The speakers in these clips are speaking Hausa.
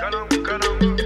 Caramba, caramba.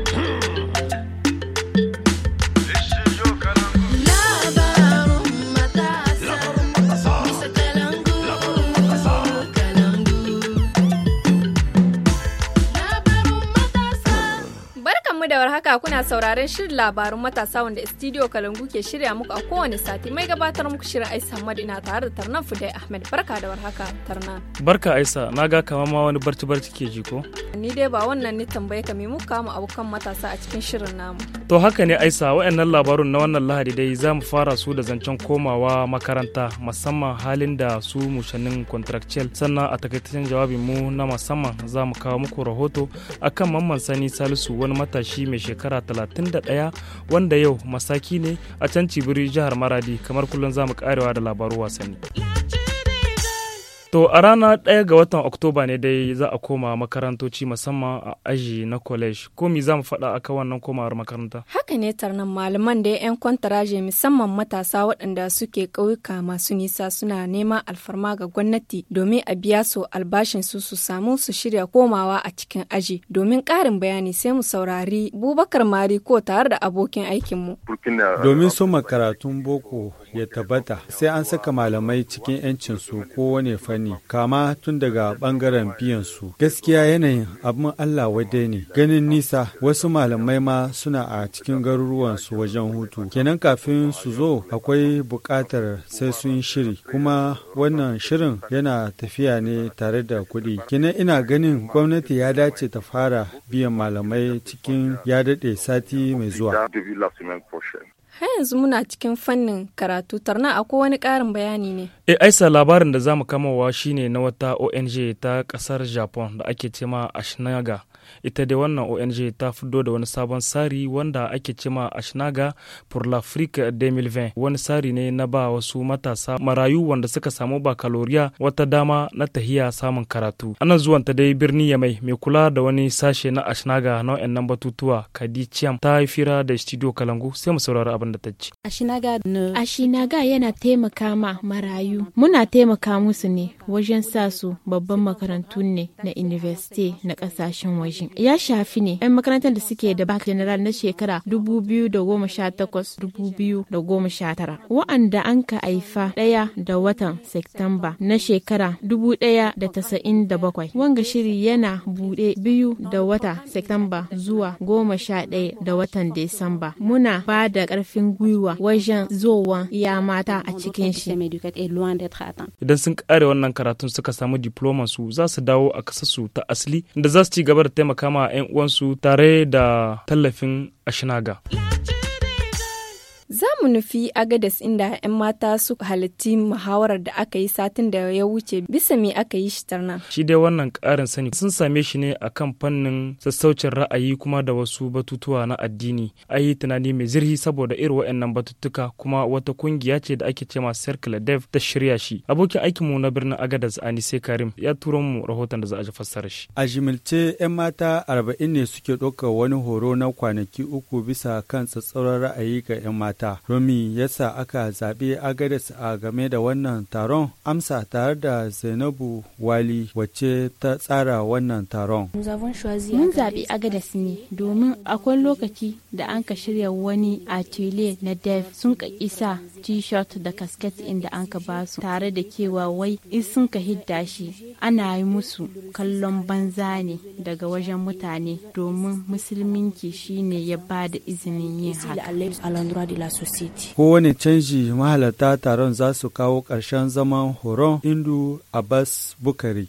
tuna kuna sauraren shirin labarun matasa wanda studio Kalangu ke shirya muku a kowane sati mai gabatar muku shirin aisa Ahmad ina tare da Tarnan Fudai Ahmed barka da warhaka Tarnan. Barka aisa na ga kama ma wani barci barci ke ji ko? Ni dai ba wannan ni tambaye ka me muka kama abokan matasa a cikin shirin namu. To haka ne aisa waɗannan labarun na wannan Lahadi dai za mu fara su da zancen komawa makaranta musamman halin da su mushannin contractual sannan a takaitaccen jawabin mu na musamman za mu kawo muku rahoto akan mamman sani Salisu wani matashi mai shekaru shekara 31 wanda yau masaki ne a can cibiri jihar maradi kamar kullum za mu karewa da labaru wasanni. To a rana ɗaya ga watan Oktoba ne dai za a koma makarantoci musamman a aji na college. Ko mi za mu faɗa aka wannan komawar makaranta? Haka ne tarnan malaman da 'yan kwantaraje musamman matasa waɗanda suke ƙauyuka masu nisa suna neman alfarma ga gwamnati domin a biya su albashin su su samu su shirya komawa a cikin aji. Domin ƙarin bayani sai mu saurari Bubakar Mari ko tare da abokin aikinmu. Domin so karatun boko ya tabbata sai an saka malamai cikin 'yancin su kowane fanni kama tun daga bangaren biyan su gaskiya yanayin abin allah wadai ne ganin nisa wasu malamai ma suna a cikin garuruwan su wajen hutu kenan kafin su zo akwai buƙatar sai sun shiri kuma wannan shirin yana tafiya ne tare da kuɗi kenan ina ganin gwamnati ya dace ta fara biyan malamai cikin ya daɗe sati mai zuwa har yanzu muna cikin fannin karatu tarna akwai wani karin bayani ne e eh, aisa labarin da za mu kamawa shine na wata ong ta kasar japan da ake cema ashinaga ita dai wannan ong ta fito da wani sabon tsari wanda ake cima ashnaga pour l'afrique 2020 wani tsari ne na ba wasu matasa marayu wanda suka samu bakaloriya wata dama na tahiya samun karatu anan zuwan ta dai birni ya mai mai kula da wani sashe na ashnaga na nan batutuwa kadi ta yi fira da studio kalangu sai mu saurari abin da ta ci ashinaga yana taimaka ma marayu muna taimaka musu ne wajen sa su babban makarantu ne na university na kasashen waje ya shafi ne 'yan makarantar da suke da bak general na shekara 2018-2019 wa'anda an ka haifa ɗaya da watan setamba. na shekara 1997 wanga shiri yana bude. biyu da wata septemba zuwa 11 da watan Desamba muna ba da ƙarfin gwiwa wajen zowa ya mata a cikin shi idan sun kare wannan karatun suka samu diploma su za su dawo a kasarsu ta asali da za su ci gaba da taimaka ma 'yan uwansu tare da tallafin ashinaga. Za mu nufi Agadas inda 'yan mata su halitti muhawarar da aka yi satin da ya wuce bisa me aka yi shi tarna. Shi dai wannan karin sani sun same shi ne a kan fannin sassaucin ra'ayi kuma da wasu batutuwa na addini. a yi tunani mai zirhi saboda irin wa'annan batutuka kuma wata kungiya ce da ake cema Circle Dev ta shirya shi. Abokin aikin mu na birnin Agadas Anise Karim ya turo mu rahoton da za a ji fassara shi. A jimilce 'yan mata arba'in ne suke ɗaukar wani horo na kwanaki uku bisa kan tsatsauran ra'ayi ga 'yan mata. ta Rumi yasa aka zaɓi agadas a game da wannan taron? Amsa tare da Zainabu Wali wacce ta tsara wannan taron. Mun zaɓi Agadez ne domin akwai lokaci da an ka shirya wani a na Dev sun ka isa t-shirt da kasket inda an ka basu tare da kewa wai in sun ka hidda shi ana yi musu kallon banza ne daga wajen mutane domin musulminki shine ya ba da izinin yin haka. society kowane canji mahalarta taron za su kawo ƙarshen zaman horon indu abbas bukari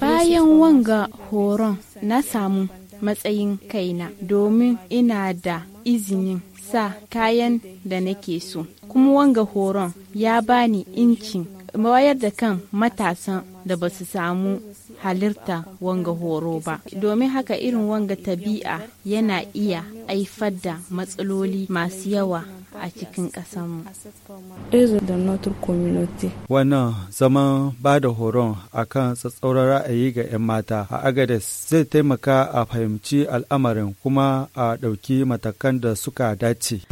bayan wanga horon na samu matsayin kaina domin ina da izinin sa kayan da nake so kuma wanga horon ya bani incin wayar da kan matasan da ba su samu halitta wanga horo ba domin haka irin wanga tabi'a yana iya haifar da matsaloli masu yawa a cikin ƙasanmu. Wannan zaman ba da horon a kan tsatsauran ra'ayi ga 'yan mata a Agades zai taimaka a fahimci al'amarin kuma a ɗauki matakan da suka dace.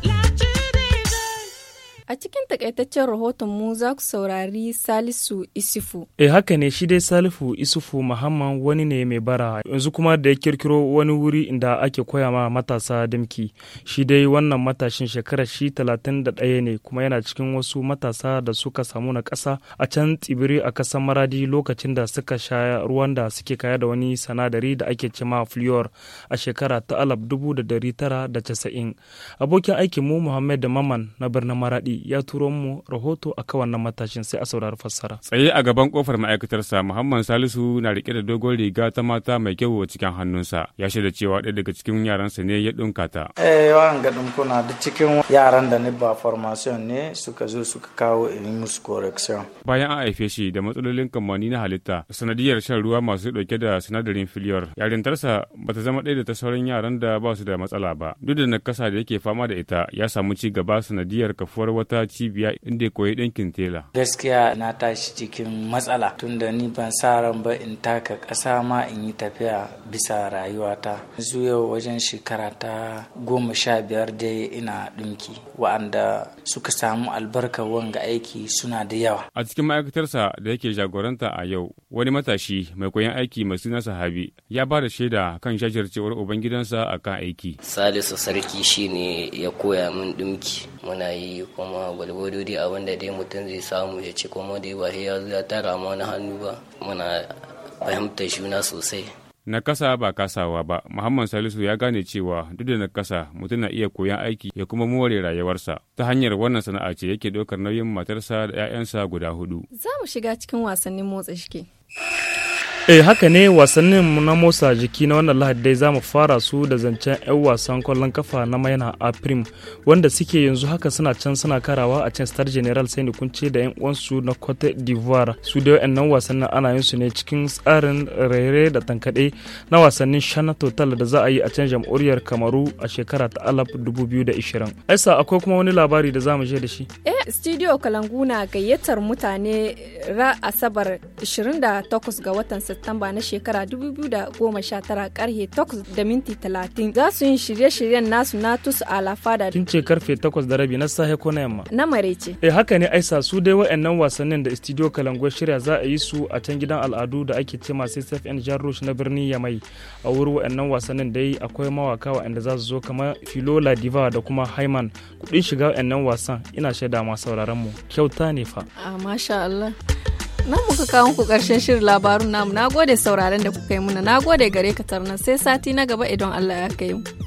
A cikin takaitaccen rahoton mu za ku saurari Salisu Isufu. e haka ne shi dai Salisu Isufu Muhammad wani ne mai bara yanzu kuma da ya kirkiro wani wuri inda ake koya ma matasa dimki. Shi dai wannan matashin shekara shi talatin da 31 ne kuma yana cikin wasu matasa da suka samu na kasa a can tsibiri a kasan Maradi lokacin da suka sha ruwan da suke kaya da wani sanadari da ake ma fluor a shekara ta da casa'in Abokin aikinmu mu Muhammad Maman na birnin Maradi ya turo mu rahoto a kan wannan matashin sai a saurari fassara. Tsaye a gaban kofar ma'aikatarsa Muhammad Salisu na rike da dogon riga ta mata mai kyau a cikin hannunsa. Ya shaida cewa ɗaya daga cikin yaransa ne ya ɗinka ta. Eh yawan ga kuna duk cikin yaran da ni ba formation ne suka zo suka kawo in musu correction. Bayan an haife shi da matsalolin kamanni na halitta sanadiyar shan ruwa masu ɗauke da sinadarin filiyar. Yarintarsa bata zama ɗaya da ta sauran yaran da ba su da matsala ba. Duk da nakasa da yake fama da ita ya samu ci gaba sanadiyar kafuwar wata wata cibiya inda ya koyi ɗinkin tela. Gaskiya na tashi cikin matsala tunda ni ban sa ran ba in taka ƙasa ma in yi tafiya bisa rayuwata. Zu yau wajen shekara ta goma sha biyar dai ina ɗinki wa'anda suka samu albarka wanga aiki suna da yawa. A cikin ma'aikatarsa da yake jagoranta a yau wani matashi mai koyon aiki mai suna sahabi ya ba da shaida kan shajarcewar ubangidansa a kan aiki. Salisu sarki shine ya koya min ɗinki muna yi kuma gwalgwado dai abin da dai mutum zai samu ya ci kuma dai ba ya zo ya tara na hannu ba muna fahimtar juna sosai na kasa ba kasawa ba muhammad salisu ya gane cewa duk da na kasa mutum na iya koyan aiki ya kuma more rayuwarsa ta hanyar wannan sana'a ce yake ɗaukar nauyin matarsa da 'ya'yansa guda hudu za mu shiga cikin wasannin motsa shike eh haka ne wasannin na motsa jiki na wannan lahadi dai za mu fara su da zancen 'yan wasan kwallon kafa na mayana aprim wanda suke yanzu haka suna can suna karawa a can star general sai kunce da 'yan uwansu na cote d'ivoire su da wasannin wasannin ana yin su ne cikin tsarin rere da tankaɗe na wasannin shana total da za a yi a can jamhuriyar kamaru a shekara ta alaf 2020 aisa akwai kuma wani labari da za mu je da shi eh Studio Kalangu na gayyatar mutane ra Asabar 28 ga watan Satumba na shekara 2019 karhe 8 da minti 30 za su yin shirye-shiryen nasu na tusu a lafada tun ce karfe 8 da rabi na sahe ko na yamma na marece eh haka ne aisa su dai wayannan wasannin da Studio Kalangu shirya za a yi su a can gidan al'adu da ake cema CSF jan Jar na birnin Yamai a wuri wayannan wasannin dai akwai mawaka wayanda za su zo kamar Filo diva da kuma Haiman kudin shiga wayannan wasan ina shaida ma sauraronmu kyauta ne fa a ah, masha Allah nan muka kawo ku karshen shirin labarun namu na gode sauraron da kuka yi muna na gode gare ka tarnan sai sati na gaba idan Allah ya kai mu